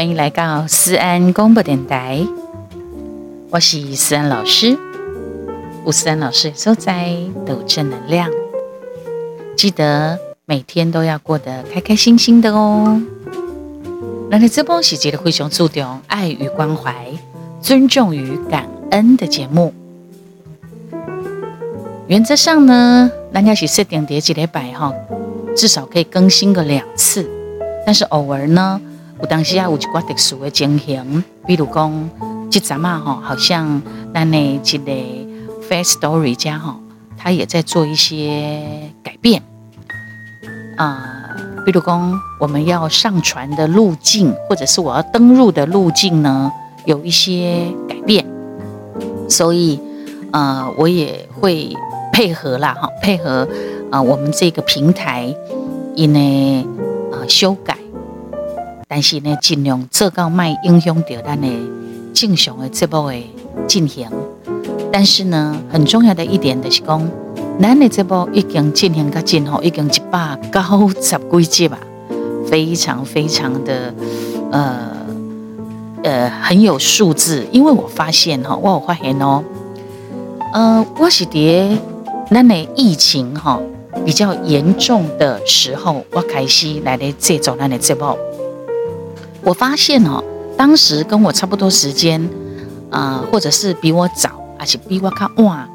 歡迎來到思安公布電台，我是思安老師，我是思安老師所在，坐在抖正能量，記得每天都要過得開開心心的哦。那到這波喜姐的灰熊注重愛與關懷、尊重與感恩的節目，原則上呢，那家喜設定的幾禮拜哈，至少可以更新個兩次，但是偶爾呢。有當時也有一個特殊的情形，比如講，即陣啊吼，好像咱內一個 Firstory 家吼，他也在做一些改變啊、呃，比如講，我們要上傳的路徑，或者是我要登入的路徑呢，有一些改變，所以呃，我也會配合啦哈，配合啊，我們這個平台因為啊修改。但是呢，盡量做到賣影響到咱的正常的節目的進行。但是呢，很重要的一點就是講，咱的節目已經進行到進吼，已經一百九十幾集吧，非常非常的呃呃很有素質。因為我發現哈、喔，我有發現哦、喔，呃，我是佇咱的疫情哈、喔、比較嚴重的時候，我開始來咧製作咱的節目。我發現哦，當時跟我差不多時間，呃，或者是比我早，而且比我較晚，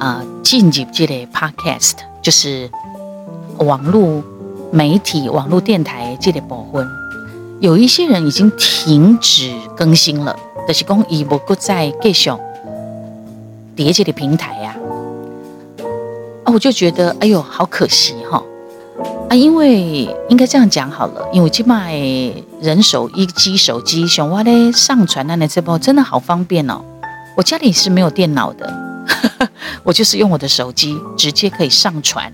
呃，進入這類 podcast，就是網絡媒體、網絡電台這類部分，有一些人已經停止更新了，但、就是公益不夠在介紹迭這類平台呀、啊。啊，我就覺得哎喲，好可惜哈、哦！啊，因為應該這樣講好了，因為起碼。人手一機，手機熊哇嘞上傳啊，你直播真的好方便哦。我家裡是沒有電腦的， 我就是用我的手機直接可以上傳，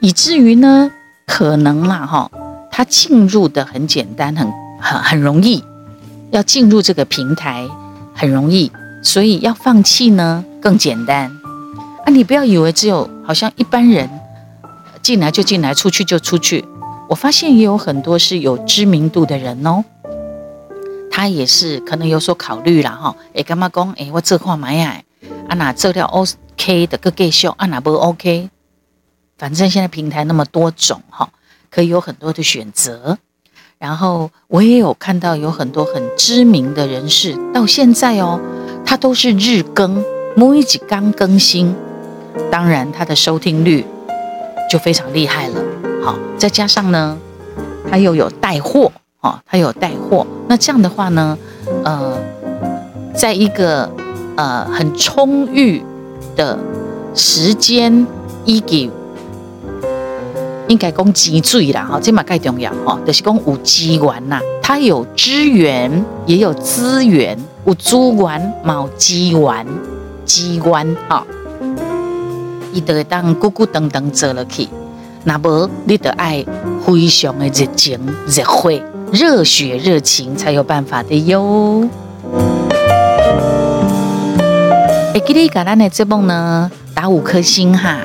以至於呢，可能啦哈、哦，它進入的很簡單，很很很容易，要進入這個平台很容易，所以要放棄呢更簡單啊！你不要以為只有好像一般人進來就進來，出去就出去。我發現也有很多是有知名度的人哦，他也是可能有所考慮了哈。誒，幹嘛？公，誒，我這話買呀。啊哪這條 OK 的，個介秀，啊哪不 OK。反正現在平台那麼多種哈、哦，可以有很多的選擇。然後我也有看到有很多很知名的人士，到現在哦，他都是日更，每一直剛更新，當然他的收聽率就非常厲害了。好，再加上呢，它又有帶貨、哦，它有帶貨。那這樣的話呢，呃，在一個呃很充裕的時間，一給應該講機率啦，好、哦，這嘛介重要，吼、哦，就是講有機關吶，它有資源，源，也有資源，有機關，冇機丸，機關，哈，伊得當孤孤單單做落去。那麼，你得愛非常的熱情、熱火、熱血、熱情，才有辦法的喲。哎，給力！給咱的這節目呢，打五顆星哈，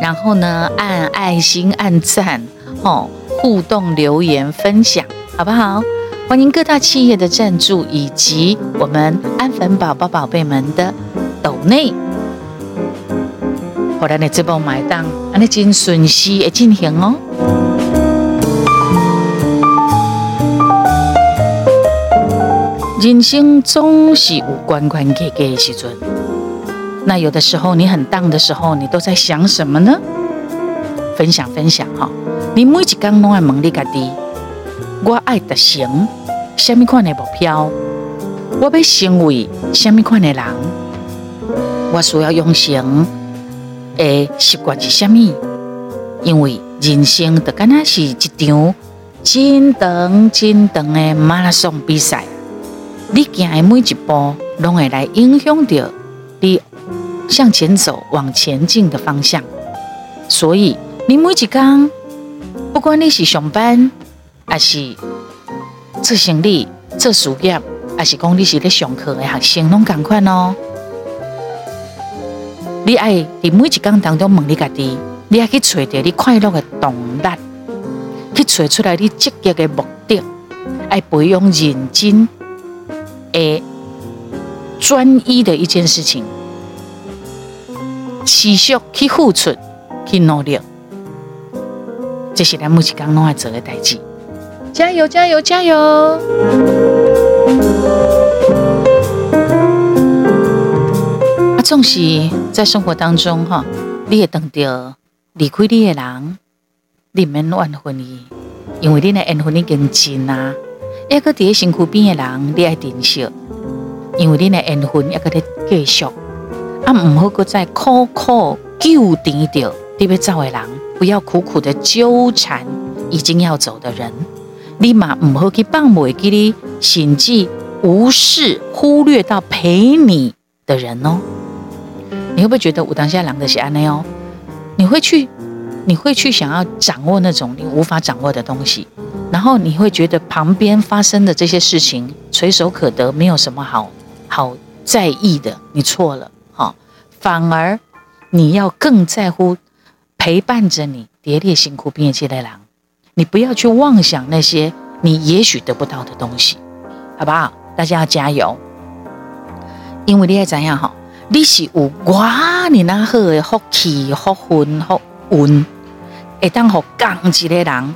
然後呢，按愛心、按讚哦，互動、留言、分享，好不好？歡迎各大企業的贊助，以及我們安粉寶寶、寶貝們的抖內。或者你單，安真順勢會進行哦。人生總是無關關己己事尊。那有的時候你很蕩的時候，你都在想什麼呢？分享分享哈、哦。你每一工都愛問你家己，我愛得行，什米款的目標？我要成為什米款的人？我需要用錢？而習慣是蝦米？因為人生就干那是一場真長真長的馬拉松比賽，你行的每一步攏會來影響着你向前走往前進的方向。所以你每一天，不管你是上班，還是做生理、做事業，還是講你是咧上課的學生，攏同款哦。你要在每一天當中問你自己，你要去找到你快樂的動力，去找出來你積極的目的，要培養認真、愛專一的一件事情，持續去付出、去努力，這是咱每一天都愛做的代誌。加油！加油！加油！總是在生活當中，哈，你會遇到離開你的人，你免怨恨伊，因為你的緣分已經盡了，一個在身邊的人，你愛珍惜，因為你的緣分要擱在繼續。啊哭哭，唔好擱再苦苦糾纏掉，特別早的人，不要苦苦的糾纏已經要走的人。你嘛唔好去放未記你甚至無視忽略到陪你的人哦。你會不會覺得武當下人的是安奈哦？你會去，你會去想要掌握那種你無法掌握的東西，然後你會覺得旁邊發生的這些事情垂手可得，沒有什麼好好在意的。你錯了，哈、喔，反而你要更在乎陪伴着你跌跌辛苦並期待人。你不要去妄想那些你也許得不到的東西，好不好？大家要加油，因為你愛怎樣好？你是有我你那好的福氣、福分、福運，會當互剛級的人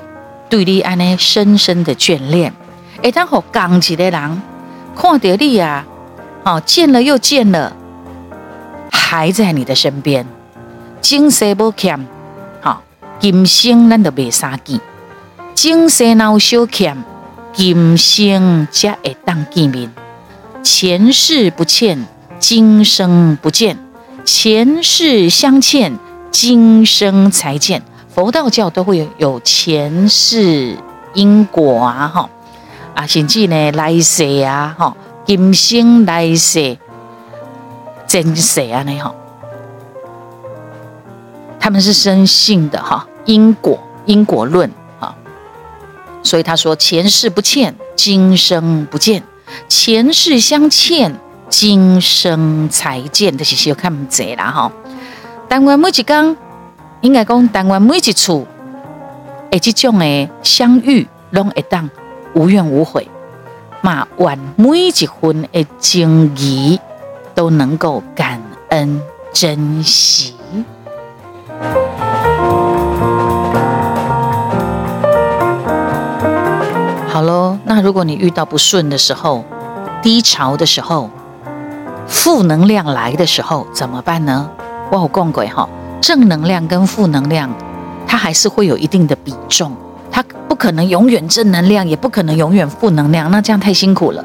對你安尼深深的眷戀，會當互剛級的人看着你啊，好見了又見了，還在你的身邊。前世無欠，好，今生咱就袂相見；機；前世若有小欠，今生則會當見面。前世不欠。今生不見，前世相欠，今生才見。佛道教都會有前世因果啊，哈啊，甚至呢來世啊，哈，今生來世怎誰啊？那哈，他們是深信的哈，因果因果論哈，所以他說前世不欠，今生不見，前世相欠。今生才見，的是少看唔濟啦哈。但願每一工，應該講，但願每一次誒，這種誒相遇，都會當無怨無悔，嘛，願每一分誒經歷，都能夠感恩珍惜。好咯，那如果你遇到不順的時候，低潮的時候，負能量來的時候怎麼辦呢？我有講過哈，正能量跟負能量，它還是會有一定的比重，它不可能永遠正能量，也不可能永遠負能量，那這樣太辛苦了。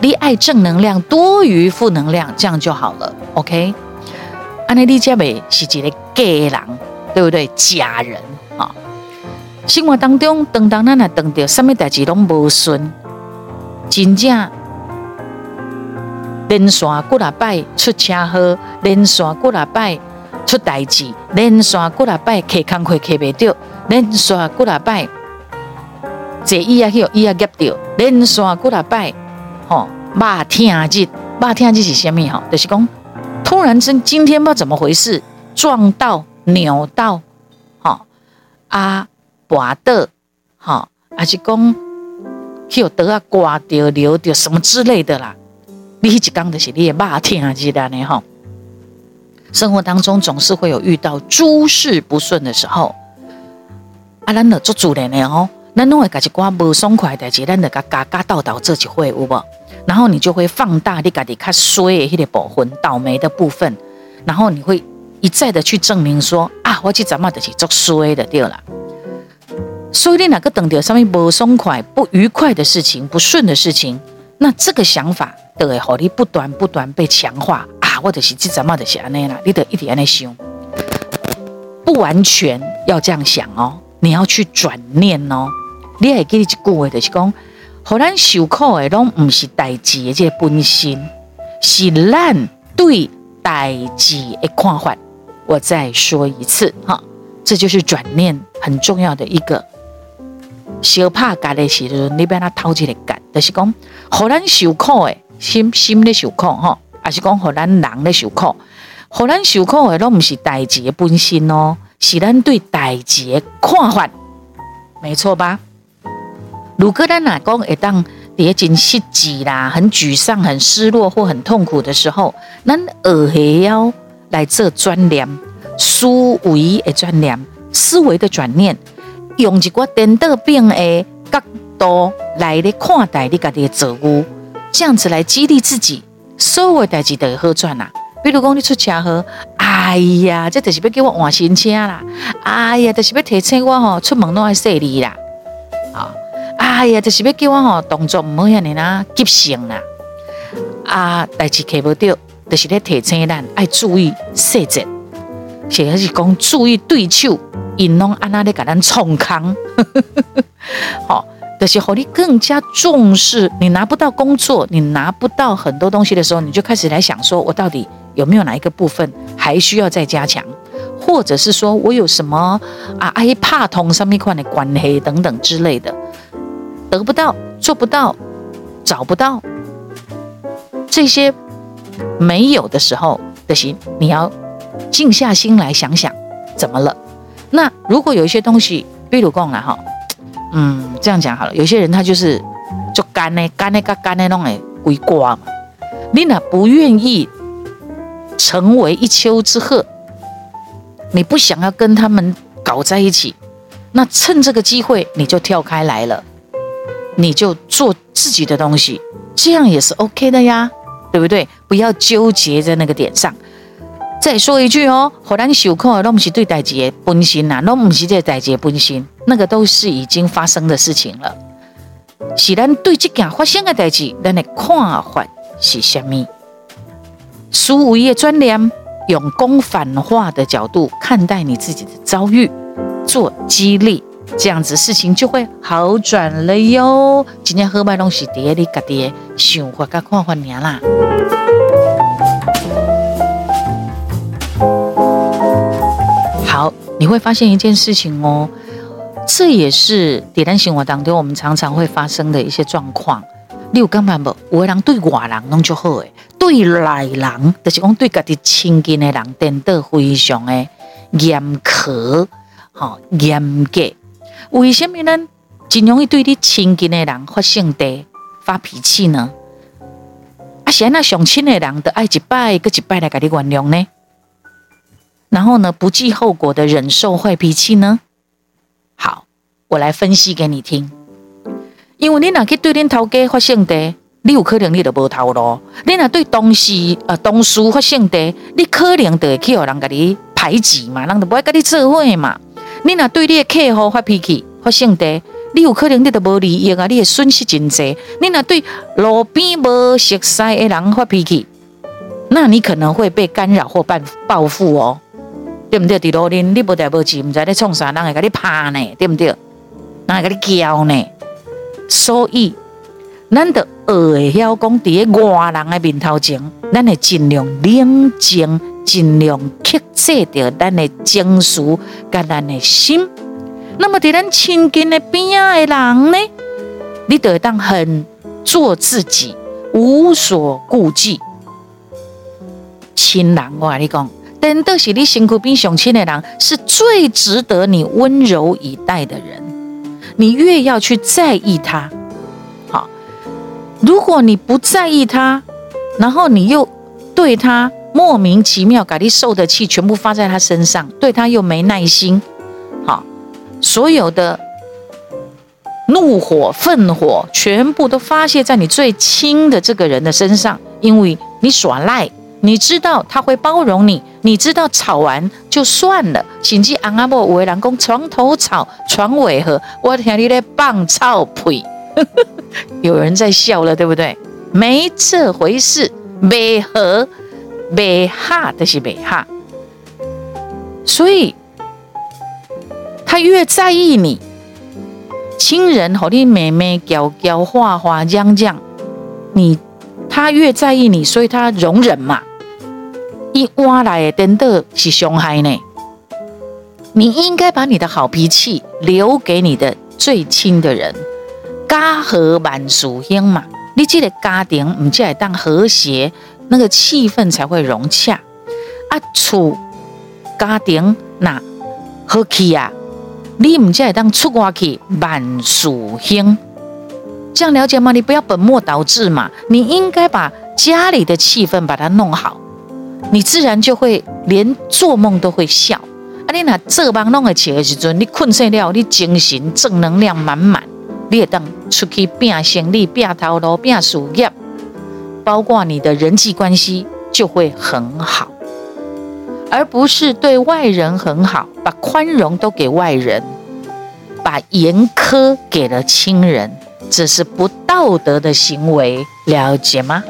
你愛正能量多於負能量，這樣就好了。OK，安尼你接的是一個家人，對不對？家人啊、喔，生活當中，等到那那當掉，什麼代志都無順，真正。連續幾若擺出車禍，連續幾若擺出代誌，連續幾若擺開工開開未到，連續幾若擺坐椅仔去予椅仔夾到，連續幾若擺吼，馬天吉馬天吉是蝦米？吼，就是講突然間今天不知道怎麼回事，撞到扭到，吼、哦、啊，拔倒吼，還、哦啊就是講去有得啊刮到、流到什麼之類的啦。你一講你天啊！記得的吼，生活當中總是會有遇到諸事不順的時候。啊，咱咧做主人呢吼，那弄個家一寡無爽快的事，記咱得個加加倒倒做幾回有無？然後你就會放大你家己較衰的迄個部分，倒霉的部分，然後你會一再的去證明說啊，我今仔嘛的是做衰的對了。所以你哪個等到上面無爽快、不愉快的事情、不順的事情？那這個想法，就會，讓你不斷不斷被強化啊，我就是這陣嘛，就是這樣，你得一直安尼想，不完全要這樣想哦，你要去轉念哦。你還記得一句話，就是講，讓咱受苦誒，都毋是代志，即個本身是咱對代志的看法。我再說一次哈，這就是轉念很重要的一個。受怕干的時候，你別那偷一個，干，就是講，互咱受苦的心心咧受苦吼，啊是講互咱人咧受苦，互咱受苦誒都唔是代志誒本身哦，是咱對代志誒看法，沒錯吧？如果咱哪講一旦跌進失志啦，很沮喪、很失落或很痛苦的時候，咱還是要來做轉念，思維誒轉念，思維的轉念。用一個顛倒反的角度來看待你家己的錯誤，這樣子來激勵自己，所有的代誌都會好轉啦。比如講，你出車禍，哎呀，這就是要叫我換新車啦，哎呀，就是要提醒我吼，出門攏要細膩啦，啊、哦，哎呀，就是要叫我吼動作唔好遐尼急性啦，啊，代誌克服掉，就是要提醒咱要注意細節。寫還是講注意對手，引用安那咧給人衝扛， 好，就是你更加重視。你拿不到工作，你拿不到很多東西的時候，你就開始來想說，我到底有沒有哪一個部分還需要再加強，或者是說我有什麼啊，阿黑怕通上面管的關黑等等之類的，得不到、做不到、找不到這些沒有的時候的心，就是、你要。靜下心來想想，怎麼了？那如果有一些東西比如講啦哈，嗯，這樣講好了。有些人他就是就幹呢幹呢個幹呢弄的鬼瓜嘛，你呢不願意成為一丘之貉，你不想要跟他們搞在一起，那趁這個機會你就跳開來了，你就做自己的東西，這樣也是 OK 的呀，對不對？不要糾結在那個點上。再說一句哦，和咱受苦，都不是對代志的本身吶、啊，都不是這代志本身，那個都是已經發生的事情了。是咱對這件發生個代志，咱的看法是什麼？思維的轉念，用功反話的角度看待你自己的遭遇，做激勵，這樣子事情就會好轉了喲。真正好歹攏是佇個你家己的想法甲看法裡啦。你會發現一件事情哦，這也是佇咱生活當中，我們常常會發生的一些狀況。你有感覺無？有的人對外人弄就好誒，對內人就是講，對家己親近的人顛倒非常的嚴苛，哈，嚴格。為什麼呢？真容易對你親近的人發性地發脾氣呢？啊，現在相親的人都愛一擺，擱一擺來給你原諒呢？然後呢，不計後果的忍受壞脾氣呢？好，我來分析給你聽。因為你哪去對你頭家發性地，你有可能你就無頭路。你哪對同事呃同事發性地，你可能就去讓人家給你排擠嘛，讓人就不愛跟你做伙嘛。你哪對你的客戶發脾氣發性地，你有可能你就無利益啊，你的損失真濟。你哪對路邊無熟悉的人發脾氣，那你可能會被干擾或報復哦。對不對？在老人，你無在無錢，唔知你創啥，人會跟你拍呢？對不對？人會跟你教呢？所以，咱得學會曉講，在外人的面頭前，咱會儘量冷靜，儘量克制掉咱的情緒跟咱的心。那麼，在咱親近的旁邊的人呢，你得當很做自己，無所顧忌。親人，我跟你講。懂得是你辛苦並雄起的人，是最值得你溫柔以待的人。你越要去在意他，好。如果你不在意他，然後你又對他莫名其妙，把你受的氣全部發在他身上，對他又沒耐心，好，所有的怒火、憤火，全部都發洩在你最親的這個人的身上，因為你耍賴。你知道他會包容你，你知道吵完就算了。謹記阿媽婆為老公床頭吵，床尾和。我聽你來棒吵屁， 有人在笑了，對不對？沒這回事，白合白哈都、就是白哈。所以他越在意你，親人和你妹妹嚼嚼嚼、哥哥、話花講樣你，他越在意你，所以他容忍嘛。一換來真的是傷害呢！你應該把你的好脾氣留給你的最親的人，家和萬事興嘛。你這個家庭唔只係當和諧，那個氣氛才會融洽。啊，出家庭那和氣啊，你唔只係當出外去萬事興，這樣了解嗎？你不要本末倒置嘛。你應該把家裡的氣氛把它弄好。你自然就會連做夢都會笑。啊你，你拿這幫弄的起的時陣，你困睡了，你精神、正能量滿滿，列當出去拼生意、拼頭路、拼事業，包括你的人際關係就會很好，而不是對外人很好，把寬容都給外人，把嚴苛給了親人，這是不道德的行為，了解嗎？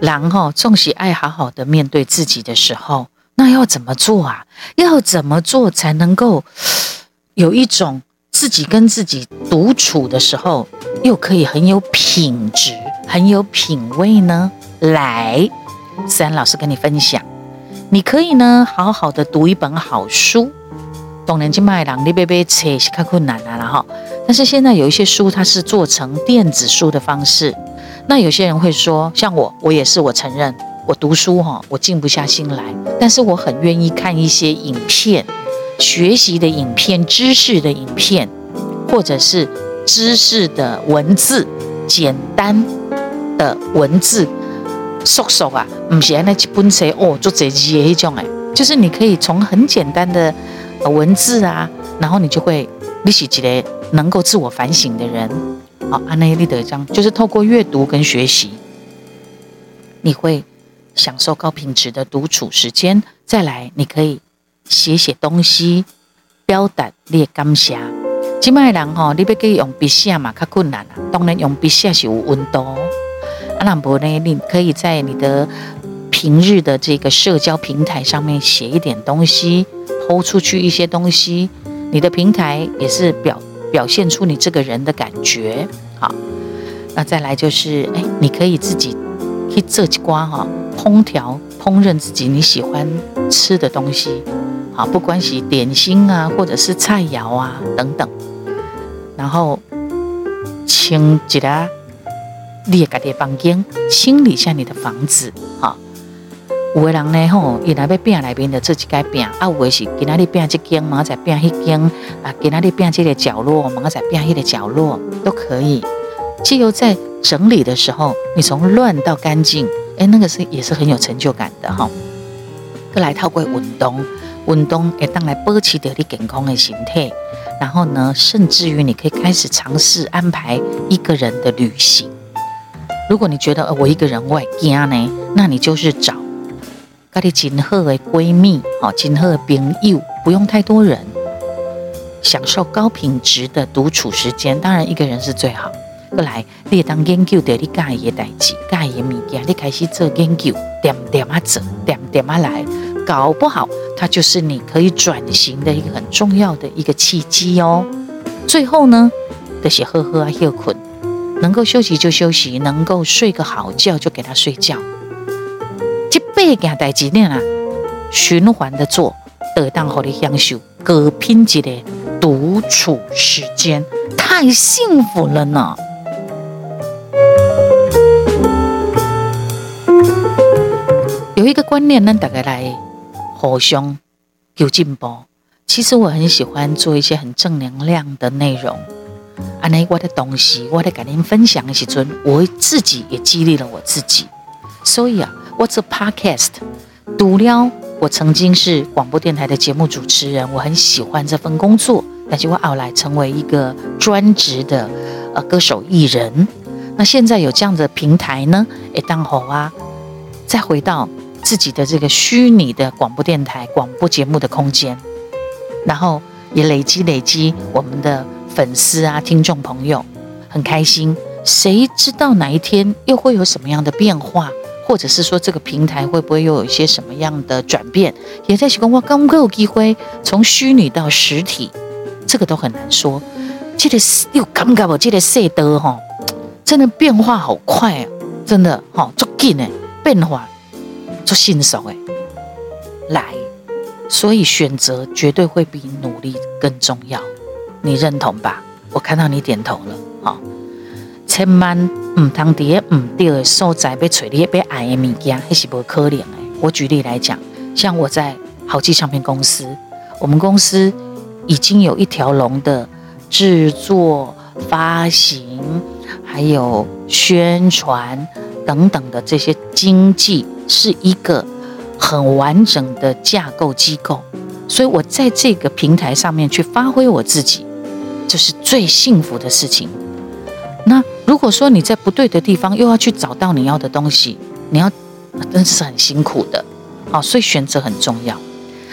然後、哦，重新愛好好的面對自己的時候，那要怎麼做啊？要怎麼做才能夠有一種自己跟自己獨處的時候，又可以很有品質、很有品味呢？來，思安老師跟你分享，你可以呢好好的讀一本好書，懂人就賣，讓你被被吃是看困難啊，然後。但是現在有一些書，它是做成電子書的方式。那有些人會說，像我，我也是，我承認我讀書哈，我靜不下心來。但是我很願意看一些影片，學習的影片、知識的影片，或者是知識的文字，簡單的文字，熟熟啊，唔寫那幾本冊哦，做這些這種就是你可以從很簡單的文字啊，然後你就會，你是幾叻？能夠自我反省的人，好，阿內利的這樣，就是透過閱讀跟學習，你會享受高品質的獨處時間。再來，你可以寫寫東西，標杆列鋼俠。金麥郎哈，你別可以用筆寫嘛，較困難啦。當然用筆寫是有溫度。啊不然呢，你可以在你的平日的這個社交平台上面寫一點東西，拋出去一些東西，你的平台也是表。表現出你這個人的感覺，好，那再來就是，欸、你可以自己去自瓜哈，烹調烹飪自己你喜歡吃的東西，啊不管是點心啊，或者是菜餚啊等等，然後清潔啊，你家的房間，清理一下你的房子，啊有的人呢吼，原來被拚內面的這幾改拚，啊，有的是今仔日拚一間，然後再拚一間，啊，今仔日拚這個角落，然後再拚那個角落，都可以。藉由在整理的時候，你從亂到乾淨，誒、欸，那個是也是很有成就感的哈、哦。再來透過運動，運動也當來保持着你健康的心態，然後呢，甚至於你可以開始嘗試安排一個人的旅行。如果你覺得、欸、我一個人會驚呢，那你就是找。咖哩真好的閨蜜，好真好的朋友，不用太多人，享受高品質的獨處時間。當然，一個人是最好。再來，你當研究的，你幹一個代誌，幹一個物件，你開始做研究，點點啊做，點點啊來，搞不好它就是你可以轉型的一個很重要的一個契機哦、喔。最後呢，那些呵呵啊，休睏，能夠休息就休息，能夠睡個好覺就給他睡覺。這件代志呢，循環的做，得當，讓你享受高品質的獨處時間，太幸福了呢。 有一個觀念呢，大家來互相有進步。其實我很喜歡做一些很正能量，量的內容，安尼我的東西，我在跟您分享的時候，我自己也激勵了我自己，所以啊。What's a podcast？讀了，我曾經是廣播電台的節目主持人，我很喜歡這份工作，但是我後來成為一個專職的呃歌手藝人。那現在有這樣的平台呢，誒，當好啊！再回到自己的這個虛擬的廣播電台廣播節目的空間，然後也累積累積我們的粉絲啊、聽眾朋友，很開心。誰知道哪一天又會有什麼樣的變化？或者是說這個平台會不會又有一些什麼樣的轉變？也在提供剛剛有機會，從虛擬到實體，這個都很難說。這個又感覺哦，這個世道哈、哦，真的變化好快啊，真的哈，足緊誒，變化足迅速誒。來，所以選擇絕對會比努力更重要，你認同吧？我看到你點頭了，好、哦。太慢，唔當佇個唔對的所在被錘，咧被愛的物件還是無可能的。我舉例來講，像我在豪記唱片公司，我們公司已經有一條龍的製作、發行、還有宣傳等等的這些經濟，是一個很完整的架構機構。所以，我在這個平台上面去發揮我自己，這，就是最幸福的事情。那。如果說你在不對的地方，又要去找到你要的東西，你要真是很辛苦的，所以選擇很重要。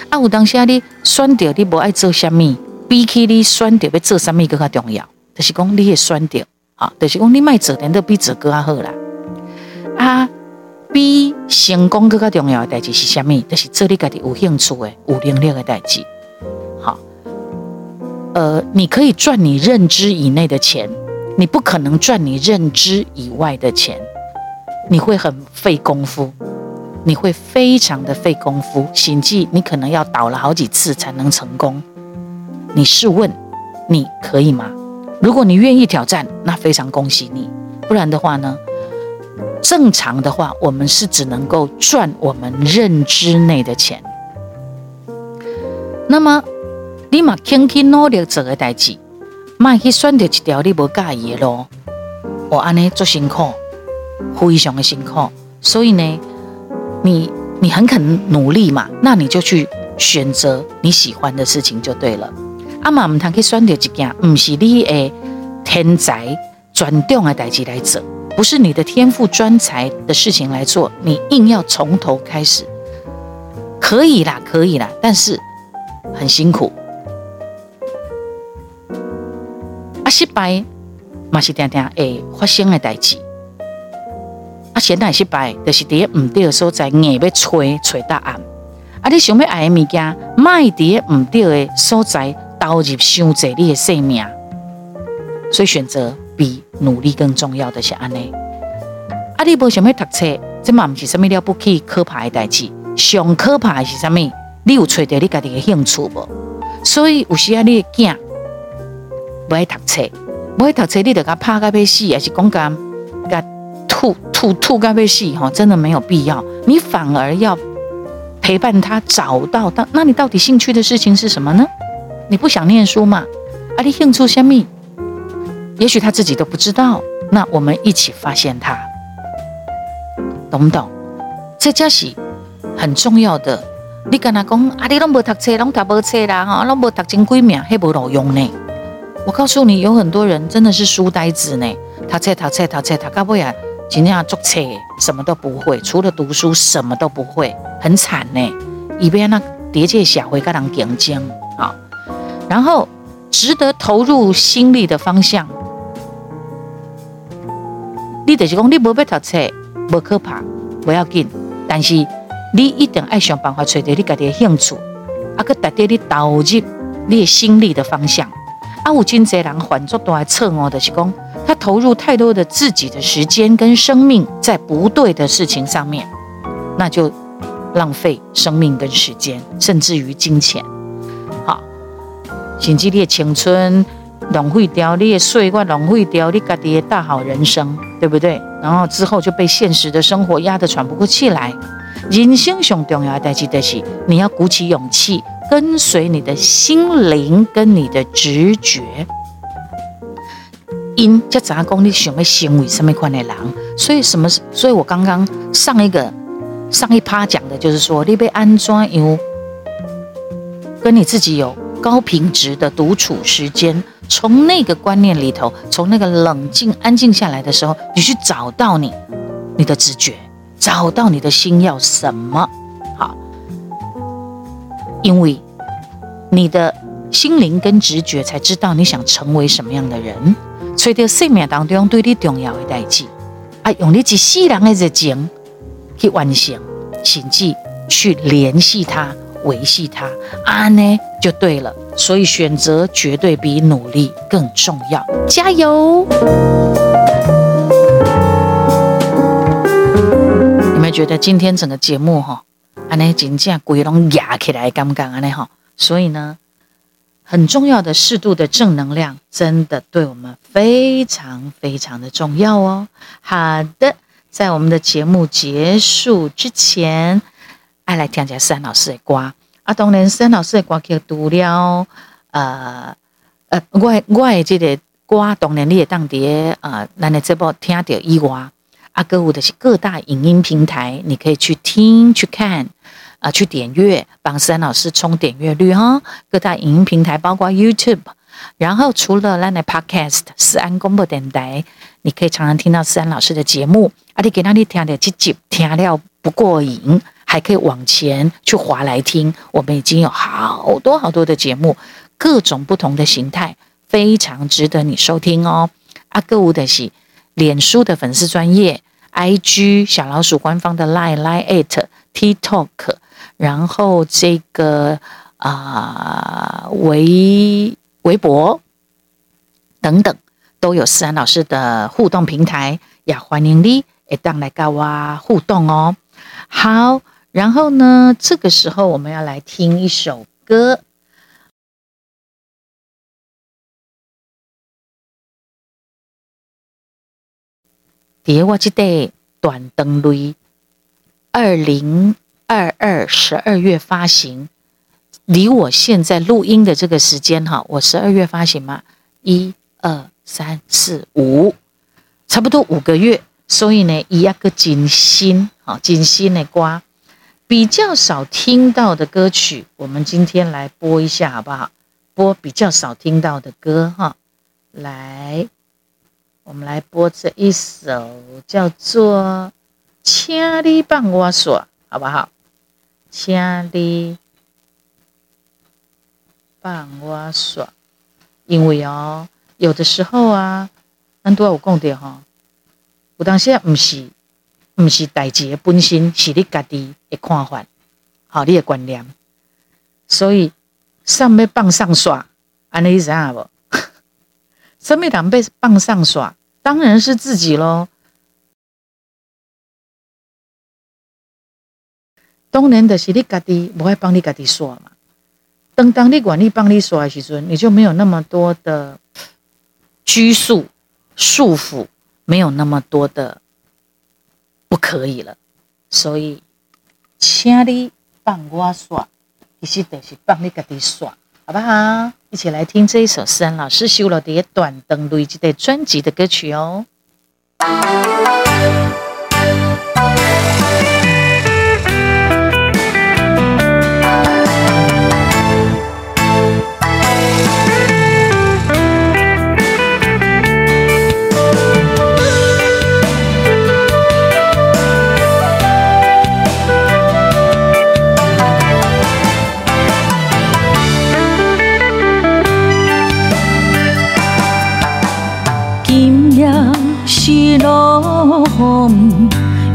啊，有當下你選掉，你不愛做什米，比起你選掉比做什米更加重要，就是講你也選掉，啊，就是講你賣做，難都比做更加好啦？啊，比成功更加重要的代志是什米？就是做你家己有興趣的、有能量的代志。好，呃，你可以賺你認知以內的錢。你不可能賺你認知以外的錢，你會很費功夫，你會非常的費功夫，心機你可能要倒了好幾次才能成功。你試問，你可以嗎？如果你願意挑戰，那非常恭喜你。不然的話呢？正常的話，我們是只能夠賺我們認知內的錢。那麼，立馬輕輕努力這個代志。賣去選擇一條你無佮意的路，我按呢做辛苦，非常的辛苦。所以呢，你你很肯努力嘛，那你就去選擇你喜歡的事情就對了。阿媽唔通去選擇一件，唔是你誒天才專鵰來代誌來做，不是你的天賦專才的事情來做，你硬要從頭開始，可以啦，可以啦，但是很辛苦。啊，失敗嘛是定定會發生的代志。啊，現在失敗就是佇唔對的所在硬要揣揣答案。啊，你想要愛的物件賣佇唔對的所在，投入傷濟你嘅生命。所以選擇比努力更重要的是安尼。啊，你無想要讀冊，這嘛唔是甚物了不起可怕嘅代志。上可怕的是啥物？你有揣到你自己的家己嘅興趣無？所以有時啊，你驚。不愛讀冊，不愛讀冊，你就給他拍個屁洗，也是講講，講吐吐吐個屁洗，吼、哦，真的沒有必要。你反而要陪伴他找到他，那你到底興趣的事情是什麼呢？你不想念書嗎？阿、啊，你興趣什麼？也許他自己都不知道。那我們一起發現他，懂不懂？這家是很重要的。你跟他講，阿、啊，你都沒讀冊，攏讀無啦，吼，攏沒讀進鬼名，還無路用呢。我告訴你，有很多人真的是書呆子呢。他在他在他在他搞不呀？今天做菜，什麼都不會，除了讀書什麼都不會，很慘呢。一邊那疊這小灰，給人點睛啊。然後值得投入心力的方向，你就是講你沒要讀冊，沒可怕，不要緊。但是你一定愛想辦法找到你家己的興趣，啊個特別的導入你心力的方向。阿武金澤人大，緩做多愛蹭我的氣，他投入太多的自己的時間跟生命在不對的事情上面，那就浪費生命跟時間，甚至於金錢。好，年紀的青春浪費掉，掉你的歲月，浪費掉你家己的大好人生，對不對？然後之後就被現實的生活壓得喘不過氣來。人生上重要代志，你要鼓起勇氣。跟隨你的心靈，跟你的直覺，因即怎樣講？你想要行為什麼款的人？所以什麼？所以我剛剛上一個上一趴講的就是說，你被安裝有跟你自己有高品質的獨處時間。從那個觀念裡頭，從那個冷靜、安靜下來的時候，你去找到你你的直覺，找到你的心要什麼。因為你的心靈跟直覺才知道你想成為什麼樣的人，所以找到生命當中對你重要的代志，啊，用你一世人的熱情去完成、甚至去聯繫他、維繫他，啊呢就對了。所以選擇絕對比努力更重要，加油！你們覺得今天整個節目哈？安尼，真正鬼攏壓起來，感覺安尼吼，所以呢，很重要的適度的正能量，真的對我們非常非常的重要哦。好的，在我們的節目結束之前，要來聽一下思安老師的歌。啊，當然思安老師的歌就除了，呃呃，我的我的這個歌。當然你也當碟，呃，那你這幫聽到以外。啊，還有就是各大影音平台，你可以去聽、去看。啊，去點閱幫思安老師衝點閱率哈，哦！各大影音平台包括 YouTube，然後除了 Line Podcast，思安廣播電台，你可以常常聽到思安老師的節目。啊，今天你聽了這集，聽了不過癮，還可以往前去滑來聽。我們已經有好多好多的節目，各種不同的形態，非常值得你收聽哦！啊，還有就是臉書的粉絲專頁，IG 小老鼠官方的 Line Line@。TikTok，然後這個啊、呃，微微博等等，都有思安老師的互動平台，也歡迎你也來跟我互動哦。好，然後呢，這個時候我們要來聽一首歌。第我記得斷腸淚二零二二十二月發行，離我現在錄音的這個時間哈，我十二月發行嗎？一二三四五，差不多五個月。所以呢，一個真新，好真新的歌，比較少聽到的歌曲，我們今天來播一下好不好？播比較少聽到的歌哈，來，我們來播這一首叫做。請你放我煞，好不好？請你放我煞，因為哦、喔，有的時候啊，咱都要有講的吼，有當時毋是毋是代志的本身，是你家己的看法，吼、喔，你的觀念。所以上要放上煞，安尼是啥無？上面人要放上煞，當然是自己嘍。當然的是你家己，不會放你家己煞嘛？等當，當你願意放你煞的時陣，你就沒有那麼多的拘束束縛，沒有那麼多的不可以了。所以，請你放我煞，其實就是放你家己煞，好不好？一起來聽這一首思安老師收錄在斷腸淚這張專輯的歌曲哦。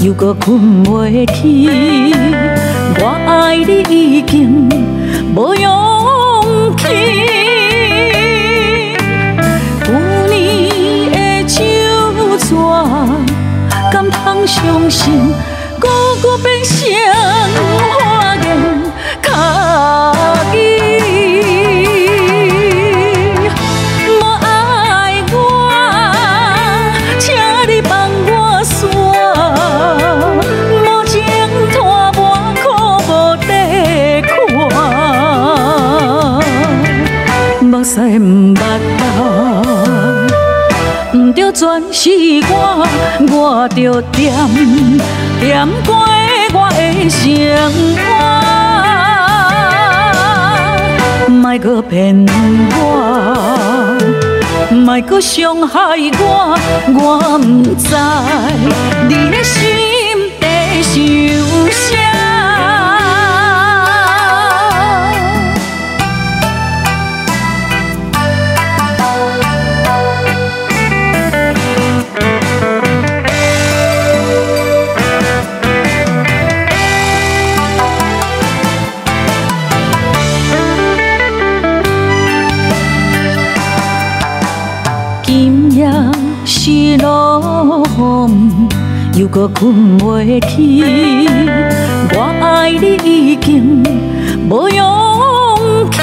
又擱困袂去，我愛你已經無勇氣。舊年的舊紙，敢通相信，擱擱變啥？毋對，全是我，我着惦惦過的我的生活，莫閣騙我，莫閣傷害我，我毋知你的心底想啥。又擱睏，袂去。我愛你已經無勇氣。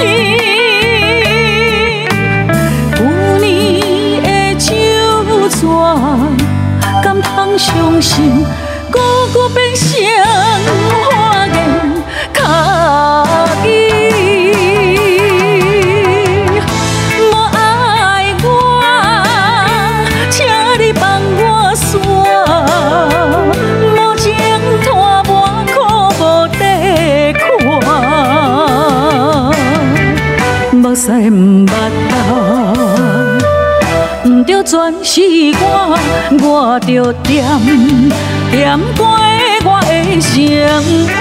舊年的酒醉，敢通相信，又擱變成。我著惦惦過我的生活，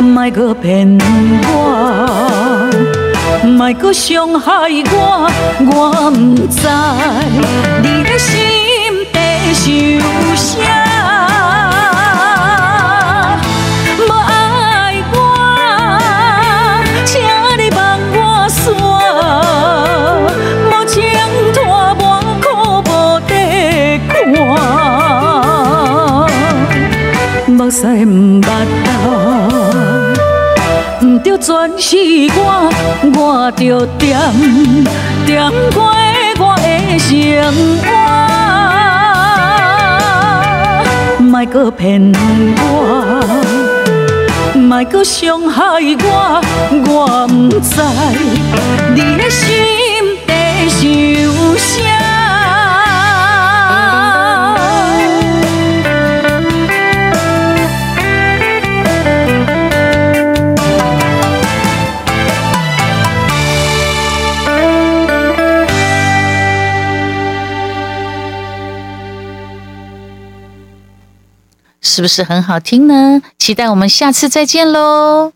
莫閣騙我，莫閣傷害我，我不知你的心底是有啥。再唔捌到，唔對全是我，我着點點過的我的生活，莫閣騙我，莫閣傷害我，我唔知你的心底想啥。是不是很好聽呢？期待我們下次再見嘍！